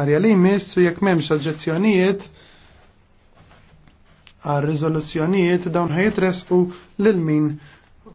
arja li jmiss u jekk m'hemmx oġġezzjonijiet għal riżoluzzjonijiet dawn ħajitresqu lil min